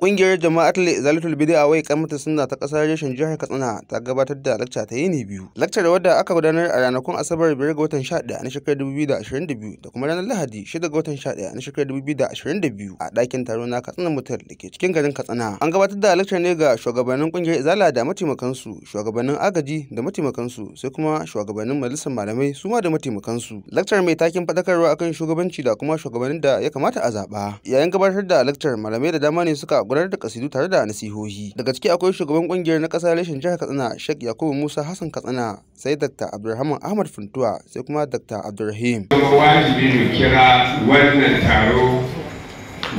Ƙungiyar Jama'atul Izalatul Bid'a wai kamata suna ta ƙasar reshen jihar Katsina ta gabatar da lakca ta yini biyu. Lakcar wadda aka gudanar a ranakun Asabar biyar ga watan 11 na shekarar 2022 da kuma ranar Lahadi 6 ga watan 11 na shekarar 2022 a ɗakin taro na Katsina Mutar da ke cikin garin Katsina. An gabatar da lakcar ne ga shugabannin ƙungiyar Izala da mataimakansu, shugabannin agaji da mataimakansu, sai kuma shugabannin majalisar malamai su ma da mataimakansu. Lakcar mai takin faɗakarwa akan shugabanci da kuma shugabannin da ya kamata a zaɓa. Yayin gabatar da lakcar malamai da dama ne suka gudanar da kasidu tare da nasihohi daga ciki akwai shugaban kungiyar na kasa reshen jihar katsina sheikh yakubu musa hassan katsina sai dr abdulrahman ahmad funtuwa sai kuma dr abdulrahim wajibi mu kira wannan taro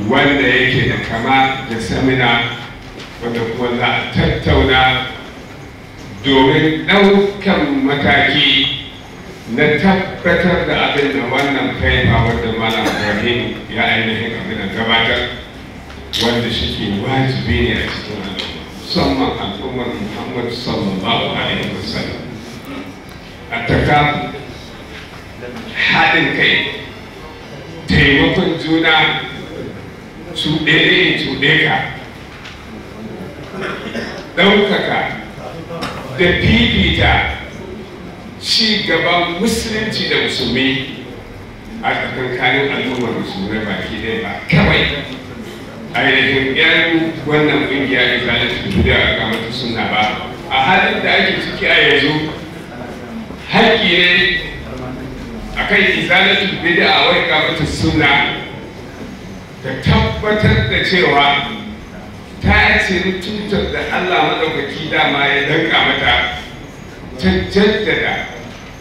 wanda yake da kama da samina wanda kuma za a tattauna domin ɗaukan mataki na tabbatar da abin da wannan faifa wanda malam ibrahim ya ainihin abin da gabatar wanda shi wajibi ne a cikin al'umma musamman al'ummar muhammad sallallahu alaihi wasallam a taka haɗin kai taimakon juna cuɗe ne cuɗe ka ɗaukaka da fifita ci gaban musulunci da musulmi a tsakankanin al'ummar musulmai baki ɗaya ba kawai ainihin yan wannan kungiya izalatul guda a kamata sunna ba a halin da ake ciki a yanzu haƙƙi ne akan izalatul bid'a wai kamata suna, ta tabbatar da cewa ta ce tutar da Allah madaukaki dama ya danka mata ta jaddada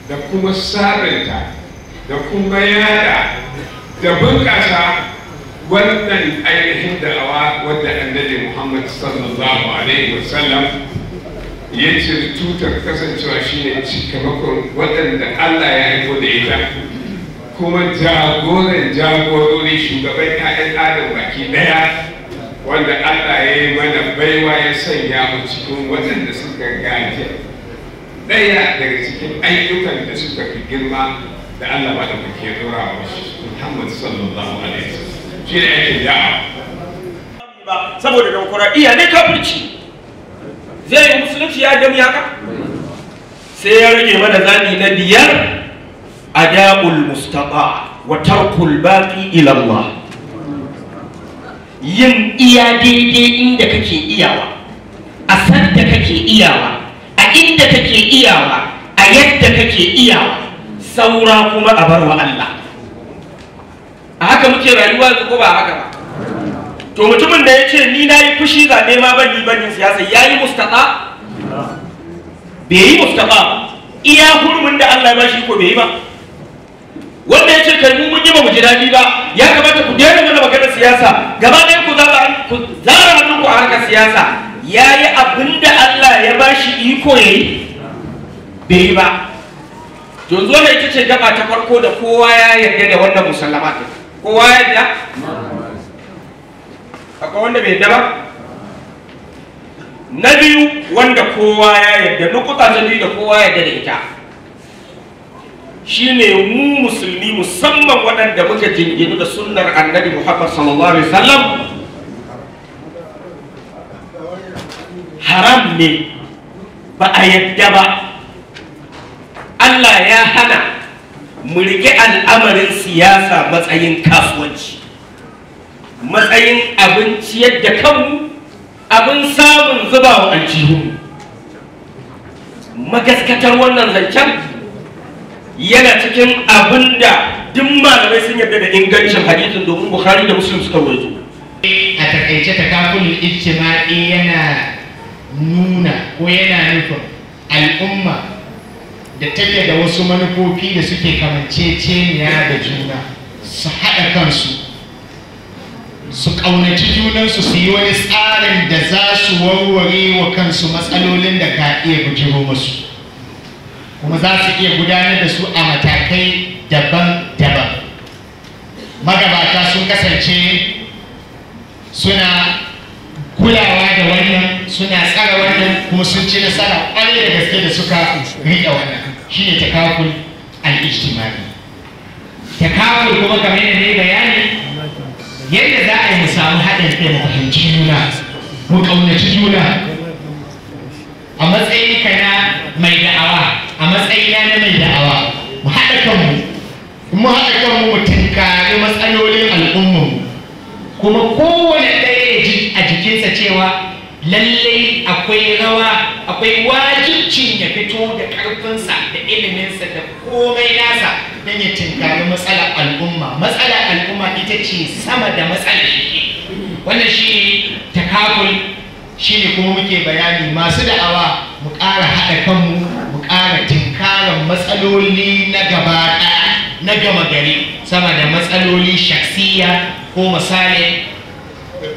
da kuma sabinta da kuma yada da bunƙasa wannan ainihin da'awa wadda annabi muhammad sallallahu alaihi wasallam ya ce tutar kasancewa shine cikamakon waɗanda allah ya haifo da ita kuma jagoran jagorori shugaban 'ya'yan adam baki ɗaya wanda allah ya yi mana baiwa ya sanya mu cikin waɗanda suka gaje ɗaya daga cikin ayyukan da suka fi girma da allah ba da muke dora wa shi muhammad sallallahu alaihi wasallam Saboda ne aikin saboda demokuraɗiyya ne kafirci zai yi musulunci ya dami haka sai ya rage mana zani na biyar adabul mustafa wa tarkul baƙi ila yin iya daidai inda kake iyawa a san da kake iyawa a inda kake iyawa a yadda kake iyawa saura kuma a barwa Allah a haka muke rayuwa su ko ba haka ba to mutumin da ya ce ni na yi fushi zaɓe ma ban yi ban yin siyasa ya yi mustafa? bai yi mustafa? iya hurumin da Allah ba shi ko bai yi ba wanda ya ce kai mu mun yi ba mu ji daɗi ba ya kamata ku daina mana magana siyasa gaba ɗaya ku zaba ku zara hannun ku a harkar siyasa ya yi abin da Allah ya ba shi iko ya yi bai yi ba yanzu wanda ita ce gaba ta farko da kowa ya yarda da wannan musallama ta kowa yadda akwai wanda bai yadda ba na biyu wanda kowa ya yadda nukuta ta biyu da kowa ya yadda da ita shine mu musulmi musamman waɗanda muka jingini da sunnar annabi muhammad sallallahu alaihi wasallam haram ne ba a yadda ba Allah ya hana mu riƙe al'amarin siyasa matsayin kasuwanci matsayin abin ciyar da kanmu abin samun zuba wa aljihunmu magaskatar wannan zancen yana cikin abin da duk malamai sun yarda da ingancin hadisin domin buhari da muslim suka wazo a takaice ta kafin ijtima'i yana nuna ko yana nufin al'umma Da ya da wasu manufofi da suke kamanceceniya da juna su haɗa kansu su ƙaunaci junansu su yi wani tsarin da za su warware wa kansu matsalolin da ka iya bujiro musu kuma za su iya gudanar da su a matakai daban-daban magabata sun kasance suna kulawa da wannan suna tsara wannan kuma sun ci nasara ƙwarai da gaske da suka riƙe wannan shine takaful al-ijtimai takaful kuma kamar yadda ne bayani yadda za a yi mu samu haɗin kai mu fahimci juna mu ƙaunaci juna a matsayin ka na mai da'awa a matsayin na mai da'awa mu haɗa kanmu mu haɗa kanmu mu tunkari matsalolin al'ummu kuma kowane ɗaya ya ji a jikinsa cewa lallai akwai rawa akwai wajibcin ya fito da ƙarfinsa da iliminsa da komai nasa don ya tinkari matsalar al'umma matsala al'umma ita ce sama da matsalar shi wannan shi takakul shi ne kuma muke bayani masu da'awa mu ƙara haɗa kanmu mu ƙara tinkarar matsaloli na gaba na gama gari sama da matsaloli shaksiya ko misali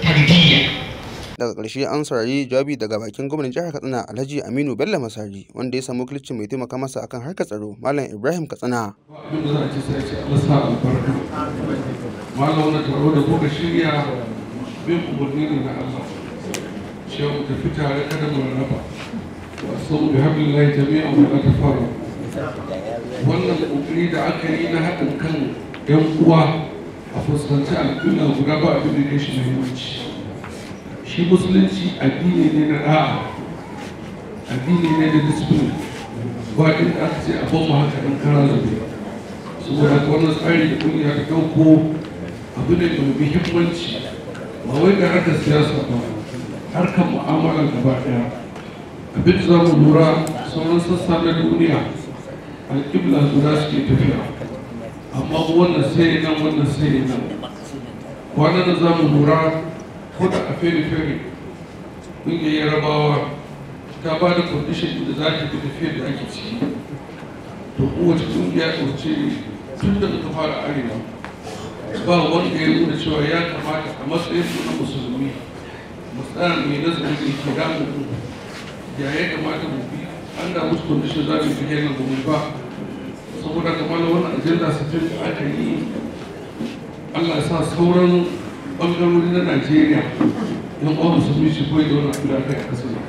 tarbiyya daga ƙarshe an saurari jawabi daga bakin gwamnan jihar katsina alhaji aminu bello masari wanda ya samu kilicin mai taimaka masa akan harkar tsaro malam ibrahim katsina malam na taro da kuka shirya bin umarni ne na allah cewa tafi tare kada mu raba wasu bi hablillahi jami'a wa la tafaru wannan kokari da aka yi na haɗin kan yan uwa a fuskanci al'umma guda ba abin da ya shi muhimmanci shi musulunci addini ne na ra'a addini ne na disipulin ba inda aka ce a bamu haka ɗan kara zabe saboda ka wannan tsari da kungiya ta ɗauko abu ne mai muhimmanci ba wai ga harkar siyasa ba harkar mu'amalar gaba ɗaya abin za mu lura sauran sassa na duniya A ƙibla guda suke tafiya amma wannan sai nan wannan sai nan kwanan za mu lura ko da a fere-fere ƙungiyar rabawa ta ba da kundishin da za ta fi tafiyar da ake ciki to kowace ƙungiya tsoce tun da ta fara arewa ba wanda ya nuna cewa ya kamata a matsayin su na musulmi mu tsaya mai nazarin da ke damu ya ya kamata mu bi an da musu kundishin za mu fi yana gumi ba saboda kamar wannan ajiyar da su fi aka yi Allah sa sauran gwamnonin na najeriya yan uwan su sun shigo da wani abin da